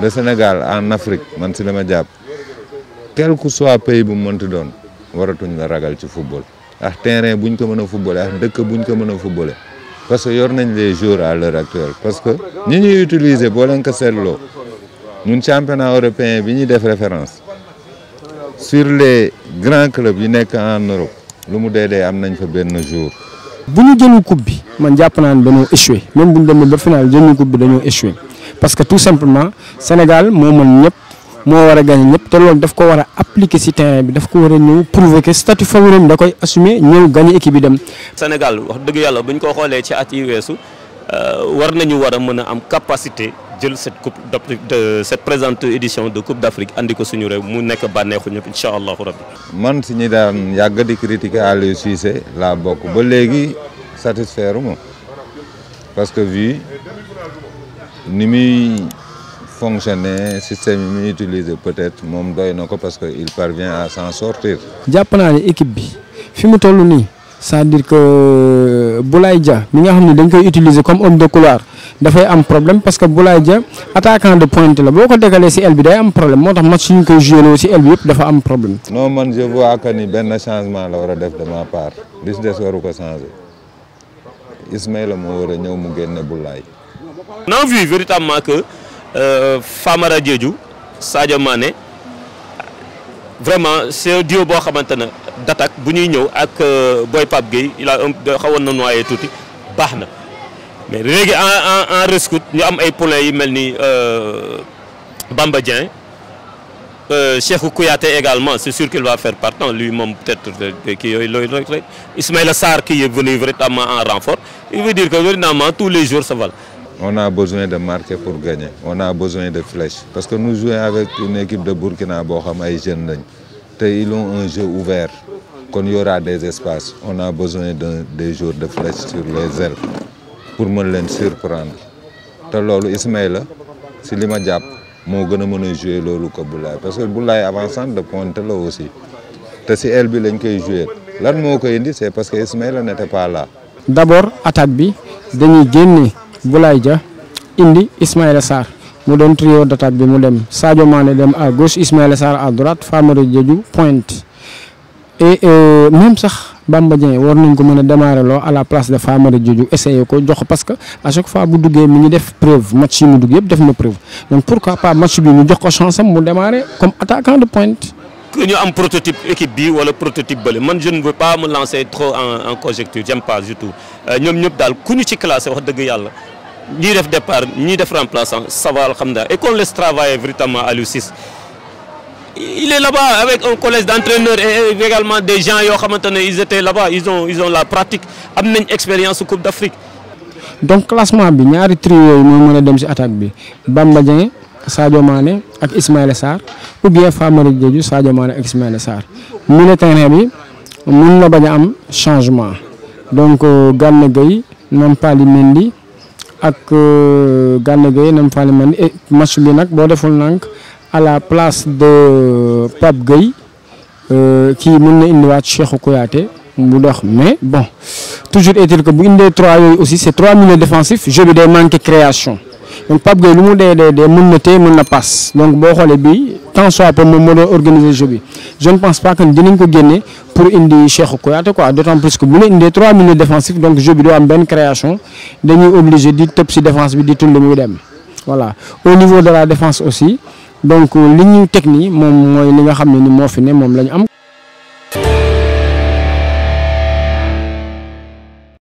le Sénégal en Afrique man si dama jàpp quel que soit pays bu mu mënti doon waratuñ la ragal ci football. ak terrain buñ ko mën a footballé ak dëkk buñ ko mën a footballé parce que yor nañ les jours à l'heure actuelle parce que ñi ñuy utiliser boo leen ko seetloo ñun championnat européen bi ñuy def référence sur les grands clubs yi nekk en Europe lu mu dee am nañ fa benn jour. bu ñu jëlu coupe man jàpp naa dañoo échoué même bu ba final dañoo échoué. parce que tout simplement Sénégal moo mën ñëpp moo war a gagné ñëpp te loolu daf ko war a appliquer ci terrain bi daf ko war a ñëw prouver que statut favori da koy assumer ñëw gagné équipe bi dem. Sénégal wax dëgg yàlla bu ñu ko xoolee ci at yi weesu euh, war nañu war a mën a am capacité jël cette coupe de cette présente édition de coupe Afrique andi ko suñu réew mu nekk bànneexu ñëpp incha allahu rabbi. man si ñu daan yàgg di critiquer Aliou Cissé laa bokk ba léegi satisfaire ma parce que vu. ni muy fonctionner système yi muy utiliser peut-être moom doy na ko parce que il parvient à s'en sortir. jàpp naa ne équipe bi fi mu toll nii c'est-à-dire que euh, Boulaye Dia mi nga xam ne dañ koy utiliser comme homme de couloir dafay am problème parce que Boulaye Dia attaquant de pointe la boo ko dégalee si aile bi day am problème moo tax match suñu koy joué ci aile bi yëpp dafa am problème. non man je vois ni benn changement la war a def de ma part li ci des waru ko changer Ismaïla war a ñëw mu génne Boulaye. On a vu véritablement que euh, Famara Diédhiou, Sadio vraiment c'est un duo boo xamante d'attaque bu ñuy ak euh, Boy Pape Gueye il a un xawoon na noyé tuuti baax mais léegi en en rescoute ñu am ay poulains yi mel ni euh, Bamba Euh, Cheikh Kouyaté également c'est sûr qu'il va faire partant lui même peut-être Ismail yooyu Ismaïla Sarr qui est venu véritablement en renfort il veut dire que véritablement tous les jours ça va on a besoin de marquer pour gagner. On a besoin de flèches. Parce que nous jouons avec une équipe de Burkina Boham et jeunes. Ils ont un jeu ouvert. Quand il y aura des espaces, on a besoin de, des jours de flèches sur les ailes pour me les surprendre. Alors, Ismaël, c'est les que je ne a mën jouer le ko Boulaye parce que Boulaye avançant de pointe aussi te si qui a Là, jouer c'est parce que n'était pas là. d'abord attaque bi dañuy gagné. Boulaye indi Ismaïla Sar. mu doon trio d'attaque bi mu dem Sadio Mané dem à gauche Ismaïla Sar à droite Famara Diédhiou pointe et euh, même sax Bamba Dieng ko mën a démarrer à la place de Famara Diédhiou essayer ko jox parce que à chaque fois bu duggee mi ngi def preuve match yi mu dugg def na preuve donc pourquoi pas match bi ñu jox ko chance am mu démarrer comme attaquant de pointe. que ñu am prototype équipe bi wala prototype man je ne veux pas me lancer trop en en conjecture j'aime pas du tout euh, ñoom ñëpp daal ku ñu ci classé wax dëgg yàlla ni def départ ni def remplaçant ça va ça. et qu'on laisse travailler véritablement à l'UCIS il est là-bas avec un collège d'entraîneurs et également des gens qui ont ils étaient là-bas ils ont ils ont la pratique amène expérience Coupe d'Afrique. donc classement bi ñaari trio yooyu moo mën dem ci attaque bi Bamba Dieng Sadio Mané ak Ismaël Sarr ou bien Famara Diédhiou Sadio Mané et Ismaël Sarr milieu terrain bi mën la baña am changement donc euh, Gana Gueye Nampali ak euh, Gana Gueye nam faale man eh, match bi nak bo deful nank à la place de euh, Pape Gueye euh, kii mën na indiwaat Cheikhou Kouyaté mu mais bon toujours est-il que bu indé trois aussi c'est trois milieux défensifs je vais day création donc Pape Gueye lu mu des, des, des mën na na passe donc bon, les bi tant soit pour moom moo doon organiser jeu bi je ne pense pas que dinañ ko génne pour indi Cheikhou Kouyaté quoi d'autant plus que nous la indee trois milieux défensifs donc jeu bi doo am benn création dañuy obligé di top si défense bi di tund muy dem voilà au niveau de la défense aussi donc ligne technique, mon mon moom mooy li nga mon ne ni moo am.